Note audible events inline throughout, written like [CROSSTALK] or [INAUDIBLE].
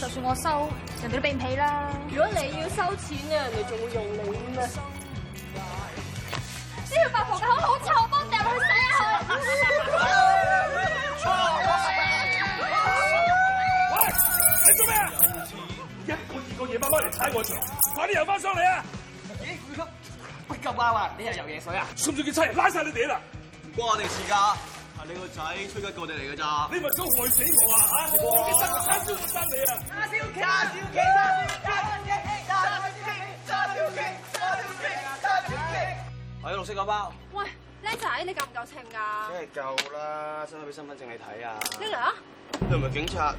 就算我收，人哋都畀唔起啦。如果你要收錢啊，人哋仲會用你咩？呢條八婆嘅口好臭，我幫我掟去洗下佢！喂！你做咩？一個二個夜麻麻嚟踩我場，快啲游翻上嚟啊！咦、欸，佢急！咁啱嘛？你又游野水啊？信唔信佢差人拉晒你哋啦？唔關我哋事㗎。你的個仔吹吉過地嚟㗎咋？你咪係想害死我啊？啊！死我啊生，我生，我生，生，生，生，生，生，生你啊！叉燒，叉燒啊！叉燒，叉燒，叉燒，叉燒，叉燒。係綠色嗰包。喂，僆仔，你夠唔夠稱㗎？真係夠啦，使唔使俾身份證你睇啊 Leon 你係咪警察？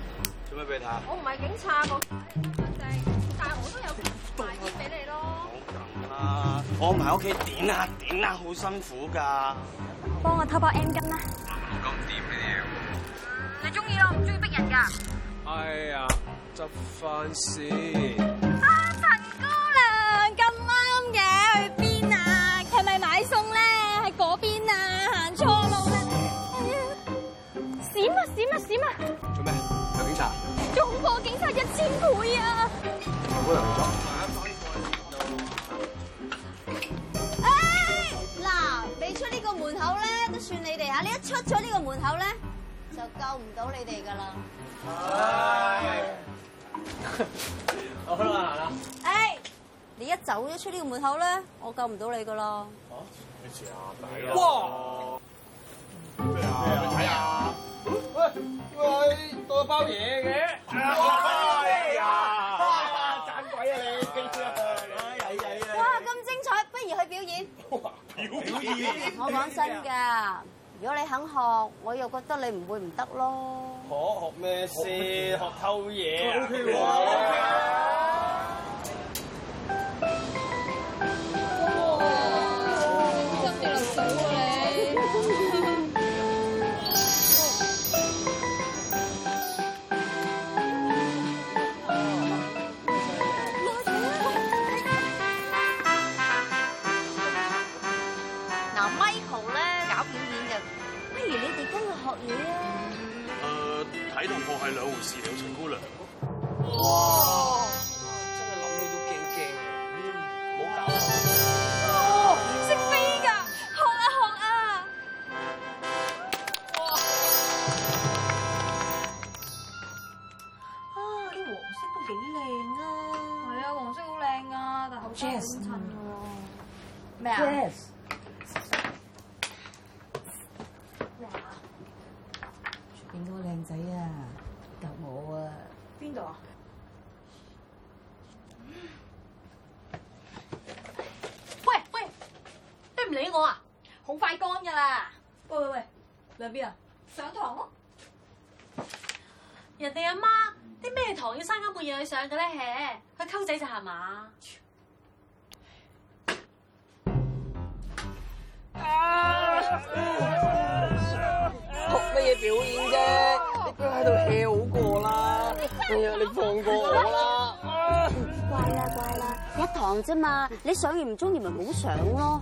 做咩俾你睇、那個、啊，啊？我唔係警察個身份證，但係我都有快啲俾你咯。咁啊，唔喺屋企點啊點啊，好辛苦㗎。幫我偷包 M 巾啦。你中意咯，唔中意逼人噶。哎呀，執翻先。啊，陳姑娘咁啱嘅，去邊啊？係咪買餸咧？喺嗰邊啊？行錯路啦。閃啊閃啊閃啊！做咩？有警察？中破警察一千倍啊！我嗰度去做。哎，嗱，未出呢個門口咧，都算你哋啊。你一出咗呢個門口咧。就救唔到你哋噶啦！係，我開路啦！哎，你一走咗出呢個門口咧，我救唔到你噶啦！啊，哎哎、啊哇！多包嘢嘅！哇，咁精彩，不如去表演？表演？我講真噶。如果你肯學，我又覺得你唔會唔得咯。我學咩先？學偷嘢。咩啊？出面嗰個靚仔啊！救我啊，邊度啊？喂喂，你唔理我啊？好快乾噶啦！喂喂喂，兩邊啊？上堂咯！人哋阿媽啲咩堂要三更半夜去上嘅咧？嘿，去溝仔就係嘛？學乜嘢表演啫？你都喺度跳過啦！哎呀，你放過我啦！乖啦乖啦，一堂啫嘛，你上完唔中意咪唔好上咯。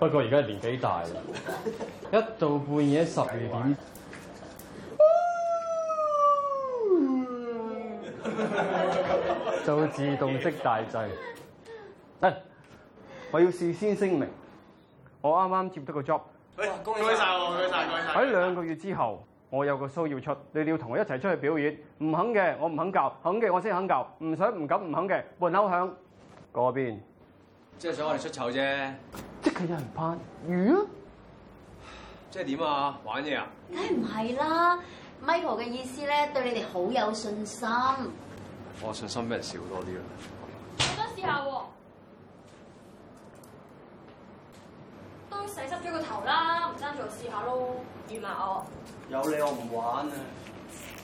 不過而家年紀大啦，一到半夜十二點，就會自動熄大掣。哎，我要事先聲明，我啱啱接得個 job。哎，恭喜晒！喎，恭喜曬，喺兩個月之後，我有個 show 要出，你哋要同我一齊出去表演。唔肯嘅，我唔肯教；肯嘅，我先肯教。唔想、唔敢、唔肯嘅，門口響嗰邊。即、就、係、是、想我哋出醜啫、啊！即係有人攀，魚、嗯？即係點啊？玩嘢啊？梗係唔係啦。Michael 嘅意思咧，對你哋好有信心。我信心比人少多啲啦。我想試下喎、啊嗯，都洗濕咗個頭啦，唔爭再我試下咯，預埋我。有你我唔玩啊！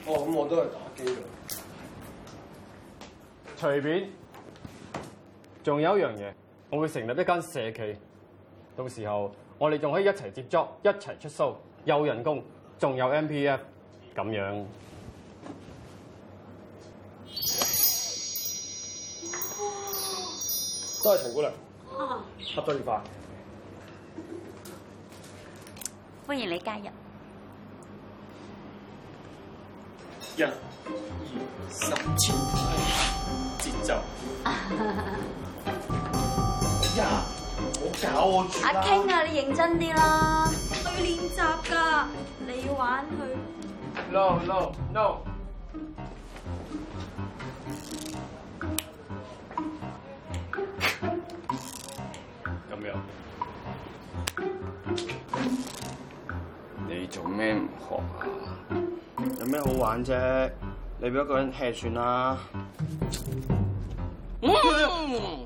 哦，咁我都係打機嘅。隨便。仲有一樣嘢。我會成立一間社企，到時候我哋仲可以一齊接觸，一齊出 show，有人工，仲有 MPF，咁樣。多謝陳姑娘。啊。合作愉快。歡迎你加入。一、二、十、千、萬、節奏。 [LAUGHS] 我走。阿 King 啊，你認真啲啦，我要練習噶。你玩佢？No no no！咁樣， [NOISE] 你做咩唔學啊？有咩好玩啫？你俾一個人吃算啦。 [NOISE] [NOISE]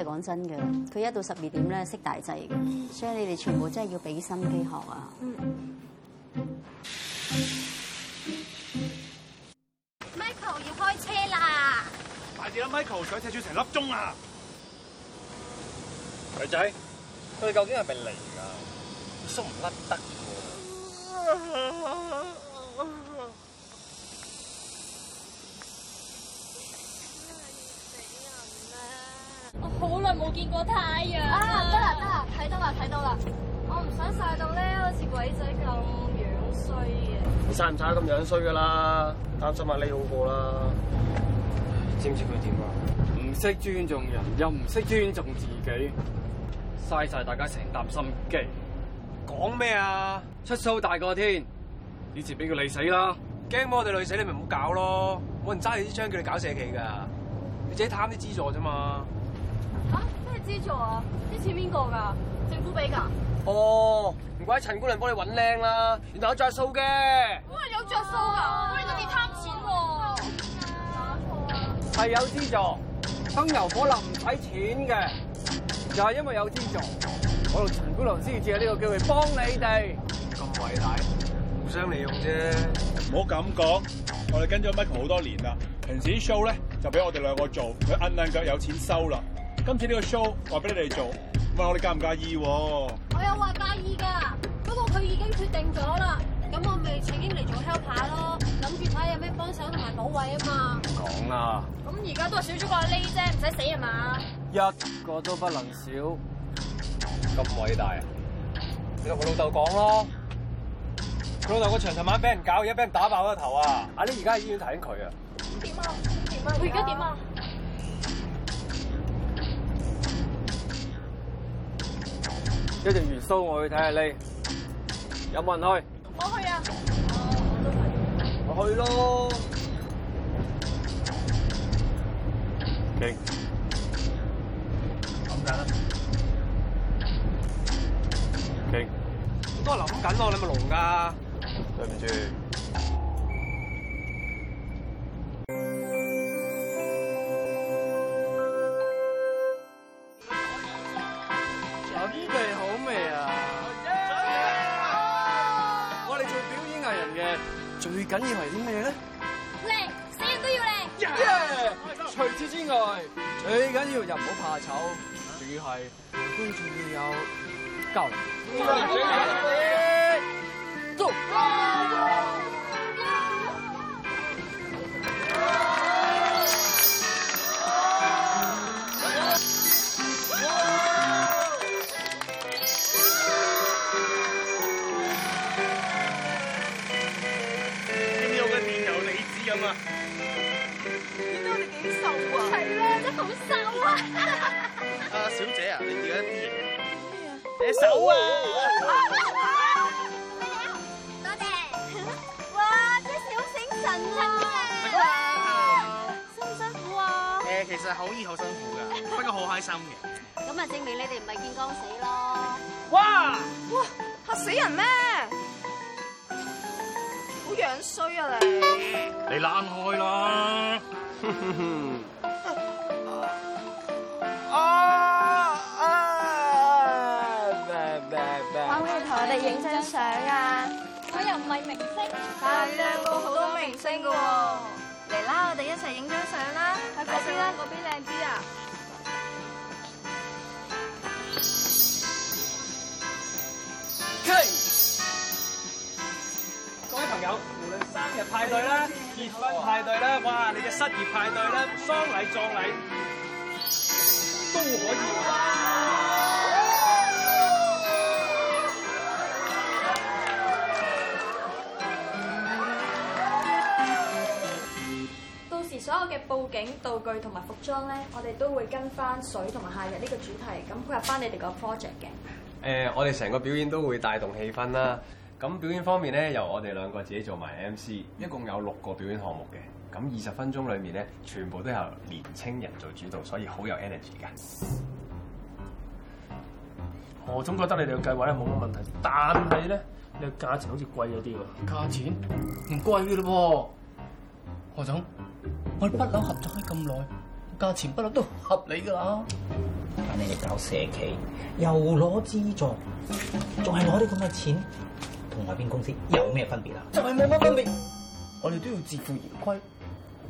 係講真嘅，佢一到十二點咧識大制嘅，所以你哋全部真係要俾心機學啊、嗯。Michael 要開車啦！快啲啦，Michael 上車要成粒鐘啊！女仔，佢哋究竟係咪嚟噶？縮唔甩得？我見過太陽啊，啊！得啦得啦，睇到啦睇到啦。我唔想曬到咧，好似鬼仔咁樣衰嘅。你曬唔曬咁樣衰噶啦，擔心下你好過啦。知唔知佢點啊？唔識尊重人，又唔識尊重自己，嘥晒大家成擔心機。講咩啊？出蘇大過天，以前俾佢累死啦。驚俾我哋累死你咪唔好搞咯，冇人揸住啲槍叫你搞社企噶，你自己貪啲資助啫嘛。資助啊？啲錢邊個噶？政府俾噶？哦，唔怪得陳姑娘幫你搵靚啦，原來有着數嘅。哇，有著數啊！你都變貪錢喎。係有資助，燈油火蠟唔使錢嘅，就係因為有資助，我同陳姑娘先至借呢個機會幫你哋。咁偉大，互相利用啫，唔好咁講。我哋跟咗 Michael 好多年啦，平時啲 show 咧就俾我哋兩個做，佢硬兩腳有錢收啦。今次呢個 show 話俾你哋做，唔我哋介唔介意？我有話介意噶，不過佢已經決定咗啦，咁我咪請英嚟做 helper 咯，諗住睇下有咩幫手同埋補位啊嘛。講啊，咁而家都係少咗個阿 Lee 啫，唔使死啊嘛，一個都不能少，咁偉大啊！你同佢老豆講咯，佢老豆個場尋晚俾人搞，而家俾人打爆個頭啊！阿 Lee 而家喺醫院睇緊佢啊，點啊？佢而家點啊？一陣元須我去睇下你，有冇人去？我去啊，我去。我去咯。OK 啦。OK 都係諗緊咯，你咪聾噶？對唔住。最緊要係啲咩咧？靚，死人都要靚。Yeah! Yeah! 除此之外，最緊要又唔好怕醜，仲要係都仲要有教練。Go. Go. Go. Go. Go. Go. Go. Go. 見到我哋幾瘦啊！係啦，真好瘦啊！阿 [LAUGHS] 小姐啊，你而家咩啊？你手啊！咩啊？多謝啊！哇，真係好醒神，啊啊、辛苦啊？辛唔辛苦啊？誒，其實好易好辛苦噶，不過好開心嘅。咁啊，證明你哋唔係見光死咯！哇！哇，嚇死人咩？樣衰啊你！你攤開啦！啊，可唔可以同我哋影張相啊？我又唔係明星，但係靚過好多明星㗎喎。嚟啦，我哋一齊影張相啦！睇下邊啊，嗰邊靚啲啊！日派對啦，結婚派對啦，哇！你嘅失業派對啦，喪禮葬禮都可以哇。到時所有嘅布景道具同埋服裝咧，我哋都會跟翻水同埋夏日呢個主題，咁配合翻你哋個 project 嘅。誒、呃，我哋成個表演都會帶動氣氛啦。 [LAUGHS] 咁表演方面咧，由我哋兩個自己做埋 MC，一共有六個表演項目嘅。咁二十分鐘裏面咧，全部都係由年青人做主導，所以好有 energy 嘅。何 [MUSIC] 總覺得你哋嘅計劃咧，冇乜問題，但係咧你個價錢好似貴咗啲喎。價錢唔貴咯噃，何總， [MUSIC] 我哋不嬲合作咗咁耐，價錢不嬲都合理㗎。但你哋搞社企，又攞資助，仲係攞啲咁嘅錢。同外邊公司有咩分別啊？就係冇乜分別，我哋都要自負盈虧。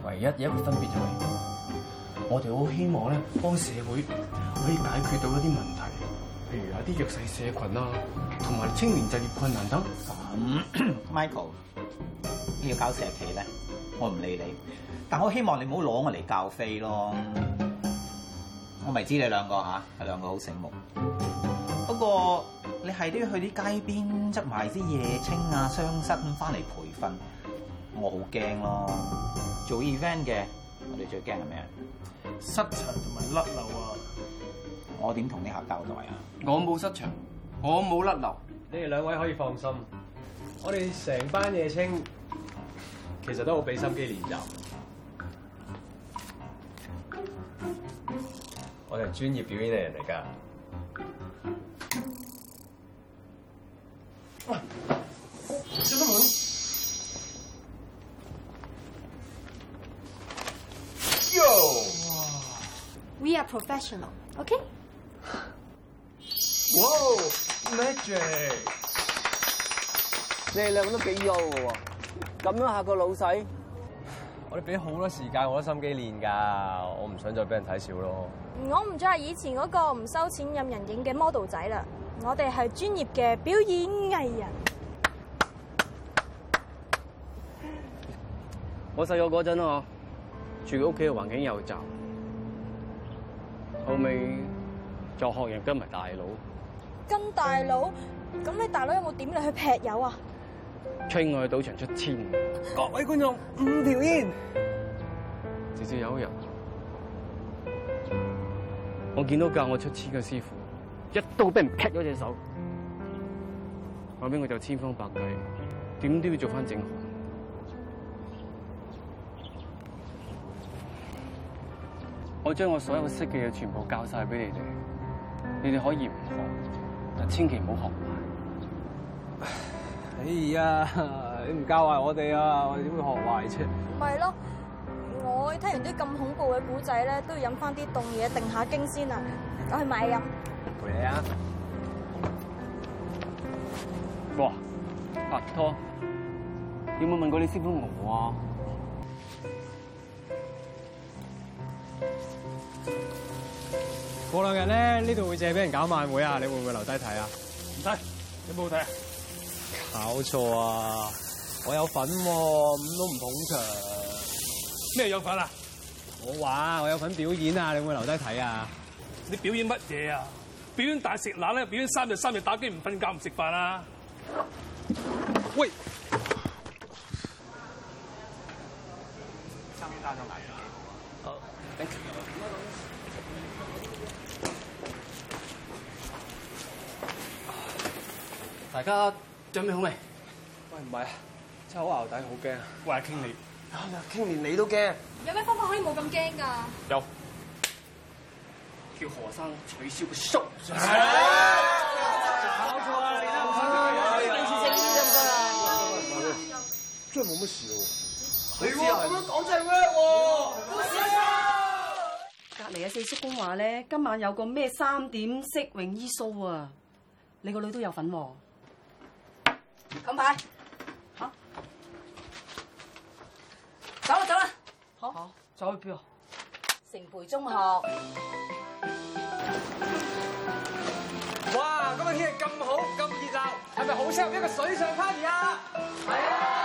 唯一有一個分別就係，我哋好希望咧，幫社會可以解決到一啲問題，譬如有啲弱勢社群啦，同埋青年就業困難等。咁，嗯，Michael，你要搞社企咧，我唔理你，但我希望你唔好攞我嚟教飛咯。我咪知你兩個吓，係兩個好醒目。不過。你係都要去啲街邊執埋啲夜青啊、雙失咁翻嚟培訓，我好驚咯。做 event 嘅，我哋最驚係咩啊？失場同埋甩漏啊！我點同你客交代啊？我冇失場，我冇甩漏，你哋兩位可以放心。我哋成班夜青，其實都好俾心機練習，嗯、我哋係專業表演嘅人嚟噶。真係唔，Yo！We are professional，OK？Whoa，magic！你哋兩個都幾幼喎，咁樣下個老細？我哋俾好多時間，我多心機練噶，我唔想再俾人睇笑咯。我唔再係以前嗰個唔收錢任人影嘅 model 仔啦。我哋係專業嘅表演藝人。我細個嗰陣哦，住嘅屋企嘅環境又雜，後尾就學人跟埋大佬。跟大佬，咁你大佬有冇點你去劈友啊？吹我去賭場出千。各位觀眾，五條煙，直至有一日。我見到教我出千嘅師傅。一刀俾人劈咗隻手，後邊我就千方百計，點都要做翻正行。我將我所有識嘅嘢全部教晒俾你哋，你哋可以唔學，但千祈唔好學壞。哎呀，你唔教壞我哋啊，我哋點會學壞啫？唔係咯，我聽完啲咁恐怖嘅古仔咧，都要飲翻啲凍嘢定下驚先啊！我去買飲。嚟啊！哇，拍拖有冇問過你師傅我啊？過兩日咧，呢度會借俾人搞晚會啊！你會唔會留低睇啊？唔使，有冇好睇啊？搞錯啊！我有份咁都唔捧場？咩有份啊？我話我有份表演啊！你會唔會留低睇啊？你表演乜嘢啊？表演大食攬咧，表演三日三夜打機唔瞓覺唔食飯啊！喂，上面大眾來啦！好，嚟！大家準備好未？喂，唔係啊，真係好牛頂，好驚啊！喂，King 你，King 連你都驚，有咩方法可以冇咁驚㗎？有。叫何生取消個縮聚，啊。啊、真係冇乜事喎，咁講真隔離嘅四叔公話咧，今晚有個咩三點式泳衣 show 啊，你個女、啊啊啊啊、都有份喎。近排嚇，走啦走啦。好，走去邊啊？城培中學。哇！今日天，天氣咁好，咁熱鬧，係咪好適合一個水上 party 啊？係啊！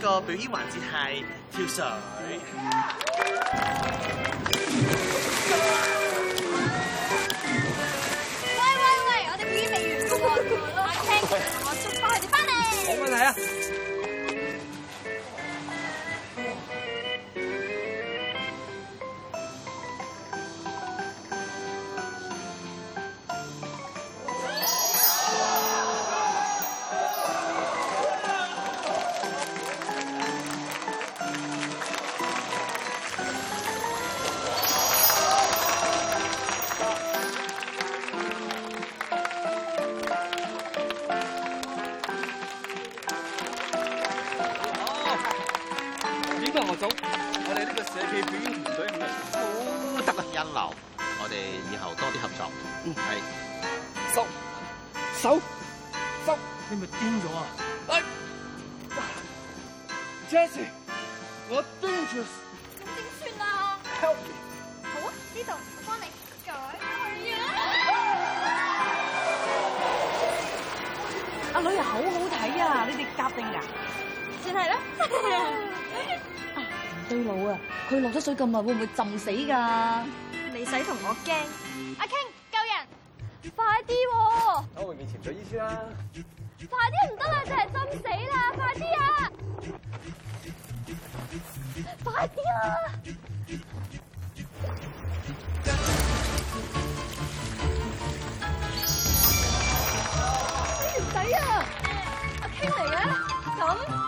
個表演環節係跳水喂。喂喂喂，我哋表演未完喎， [LAUGHS] 我傾，我速快啲翻嚟。冇問題啊。算係啦，堆佬啊，佢落咗水咁耐，會唔會浸死噶？你使同我驚？阿 King，救人，快啲！我會先潛水醫先啦，快啲唔得啦，就係浸死啦，快啲啊！快啲啊！呢條仔啊，阿 King 嚟嘅，咁。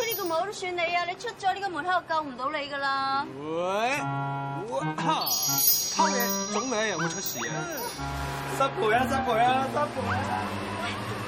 出、這、呢個門都算你啊！你出咗呢個門口，救唔到你㗎喇。喂，我！偷嘢， [LAUGHS] 總理有冇出事 [LAUGHS] 啊？失陪啊！失陪啊！失陪啊！